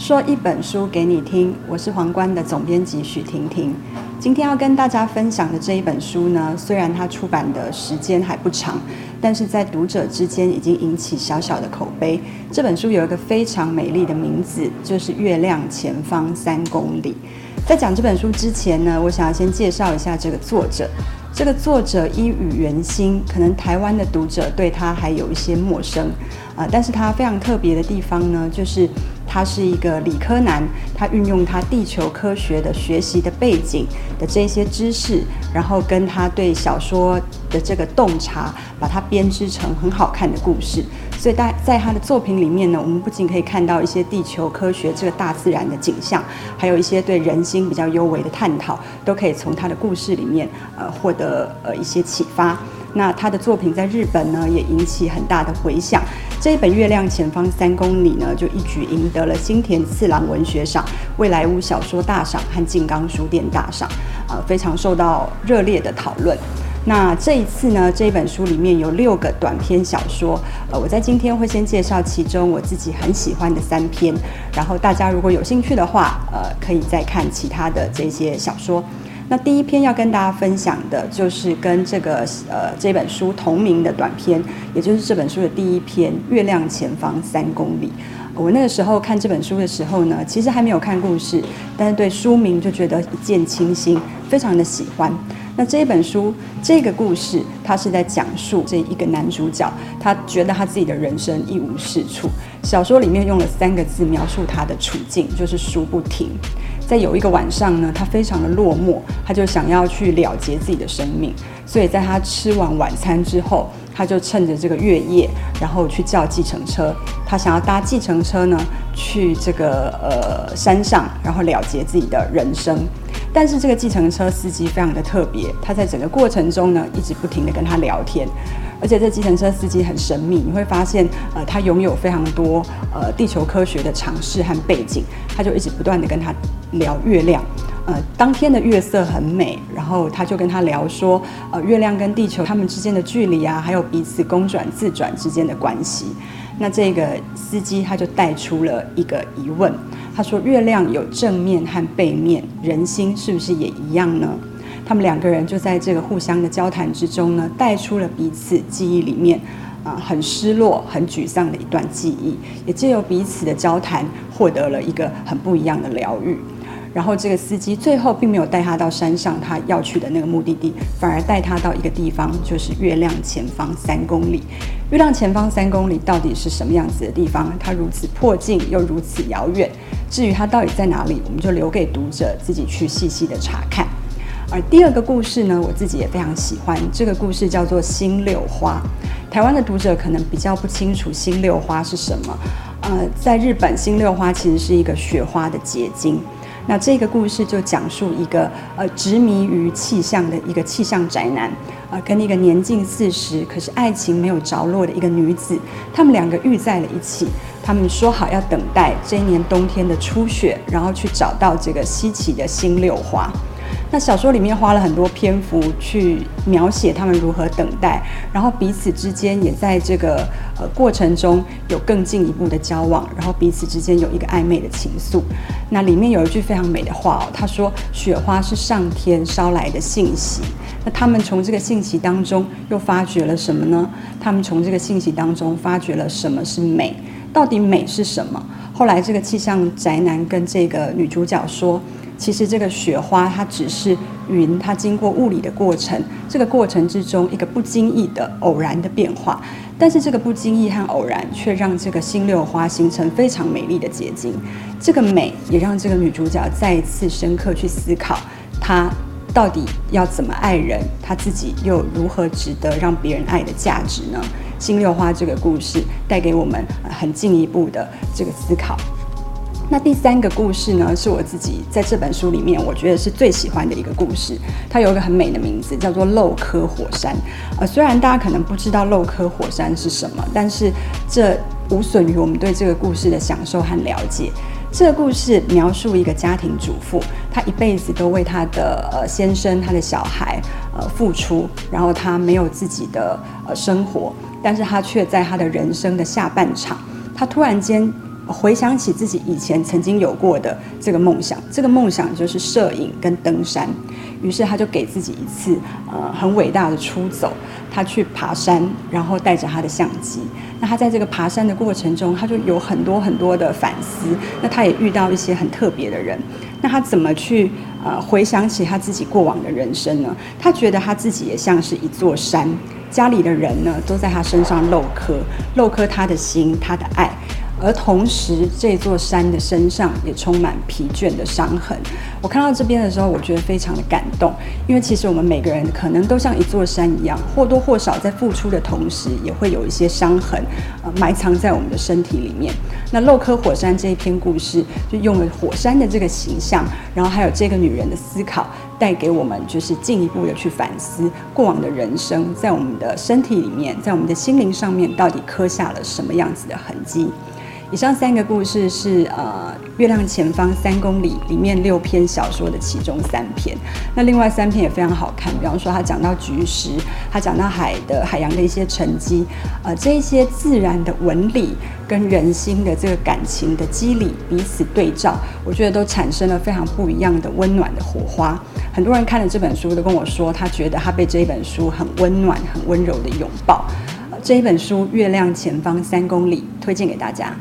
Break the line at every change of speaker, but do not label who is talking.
說一本書給你聽，我是皇冠的總編輯許婷婷。今天要跟大家分享的這一本書呢，雖然它出版的時間還不長，但是在讀者之間已經引起小小的口碑。這本書有一個非常美麗的名字，就是《月亮前方三公里》。在講這本書之前呢，我想要先介紹一下這個作者。這個作者伊與原新，可能台灣的讀者對他還有一些陌生啊、呃，但是他非常特別的地方呢，就是。他是一個理科男，他運用他地球科學的學習的背景的這些知識，然後跟他對小說的這個洞察，把它編織成很好看的故事。所以在他的作品裡面呢，我們不僅可以看到一些地球科學這個大自然的景象，還有一些對人心比較幽微的探討，都可以從他的故事裡面呃獲得呃一些啟發。那他的作品在日本呢，也引起很大的回響。這一本《月亮前方三公里》呢，就一舉贏得了新田次郎文學賞、未來屋小說大賞和靜岡書店大賞，啊、呃，非常受到熱烈的討論。那這一次呢，這一本書裡面有六個短篇小說，呃，我在今天會先介紹其中我自己很喜歡的三篇，然後大家如果有興趣的話，呃，可以再看其他的這些小說。那第一篇要跟大家分享的就是跟這個呃這本書同名的短篇，也就是這本書的第一篇《月亮前方三公里》。我那個時候看這本書的時候呢，其實還沒有看故事，但是對書名就覺得一見傾心，非常的喜歡。那這一本書這個故事，它是在講述這一個男主角，他覺得他自己的人生一無是處。小說裡面用了三個字描述他的處境，就是輸不停。在有一個晚上呢，他非常的落寞，他就想要去了結自己的生命。所以，在他吃完晚餐之後，他就趁着這個月夜，然後去叫計程車。他想要搭計程車呢，去這個呃山上，然後了結自己的人生。但是這個計程車司機非常的特別，他在整個過程中呢，一直不停的跟他聊天。而且這計程車司機很神秘，你會發現，呃，他擁有非常多呃地球科學的常識和背景，他就一直不斷的跟他聊月亮。呃，當天的月色很美，然後他就跟他聊說，呃，月亮跟地球他們之間的距離啊，還有彼此公轉自轉之間的關係。那這個司機他就帶出了一個疑問，他說月亮有正面和背面，人心是不是也一樣呢？他們兩個人就在這個互相的交談之中呢，帶出了彼此記憶裡面啊，呃，很失落、很沮喪的一段記憶，也借由彼此的交談獲得了一個很不一樣的療癒。然後這個司機最後並沒有帶他到山上他要去的那個目的地，反而帶他到一個地方，就是月亮前方三公里。月亮前方三公里到底是什麼樣子的地方？它如此迫近又如此遙遠。至於它到底在哪裡，我們就留給讀者自己去細細的查看。而第二個故事呢，我自己也非常喜歡。這個故事叫做《星六花》。台灣的讀者可能比較不清楚星六花是什麼。呃，在日本，星六花其實是一個雪花的結晶。那這個故事就講述一個呃執迷於氣象的一個氣象宅男，啊、呃，跟一個年近四十可是愛情沒有着落的一個女子，他們兩個遇在了一起，他們說好要等待這一年冬天的初雪，然後去找到這個稀奇的星六花。那小說裡面花了很多篇幅去描寫他們如何等待，然後彼此之間也在這個呃過程中有更進一步的交往，然後彼此之間有一個曖昧的情愫。那裡面有一句非常美的話哦，他說：“雪花是上天捎來的信息。”那他們從這個信息當中又發掘了什麼呢？他們從這個信息當中發掘了什麼是美？到底美是什麼？後來這個氣象宅男跟這個女主角說。其實這個雪花它只是雲，它經過物理的過程，這個過程之中一個不經意的偶然的變化，但是這個不經意和偶然卻讓這個新六花形成非常美麗的結晶。這個美也讓這個女主角再一次深刻去思考，她到底要怎麼愛人，她自己又如何值得讓別人愛的價值呢？新六花這個故事帶給我們很進一步的這個思考。那第三個故事呢，是我自己在這本書裡面，我覺得是最喜歡的一個故事。它有一個很美的名字，叫做《鏤刻火山》。呃，雖然大家可能不知道鏤刻火山是什麼，但是這無損於我們對這個故事的享受和了解。這個故事描述一個家庭主婦，她一輩子都為她的呃先生、她的小孩呃付出，然後她沒有自己的呃生活，但是她卻在她的人生的下半場，她突然間。回想起自己以前曾經有過的這個夢想，這個夢想就是攝影跟登山。於是他就給自己一次呃很偉大的出走，他去爬山，然後帶着他的相機。那他在這個爬山的過程中，他就有很多很多的反思。那他也遇到一些很特別的人。那他怎麼去呃回想起他自己過往的人生呢？他覺得他自己也像是一座山，家裡的人呢都在他身上鏤刻，鏤刻他的心，他的愛。而同時，這座山的身上也充滿疲倦的傷痕。我看到這邊的時候，我覺得非常的感動，因為其實我們每個人可能都像一座山一樣，或多或少在付出的同時，也會有一些傷痕，呃，埋藏在我們的身體裡面。那《鏤刻火山》這一篇故事，就用了火山的這個形象，然後還有這個女人的思考，帶給我們就是進一步的去反思過往的人生，在我們的身體裡面，在我們的心靈上面，到底刻下了什麼樣子的痕跡。以上三個故事是呃《月亮前方三公里》裡面六篇小說的其中三篇，那另外三篇也非常好看。比方說他講到菊石，他講到海的海洋的一些沉積，呃，這一些自然的紋理跟人心的這個感情的肌理彼此對照，我覺得都產生了非常不一樣的溫暖的火花。很多人看了這本書都跟我說，他覺得他被這一本書很溫暖、很溫柔的擁抱。呃，這一本書《月亮前方三公里》推薦給大家。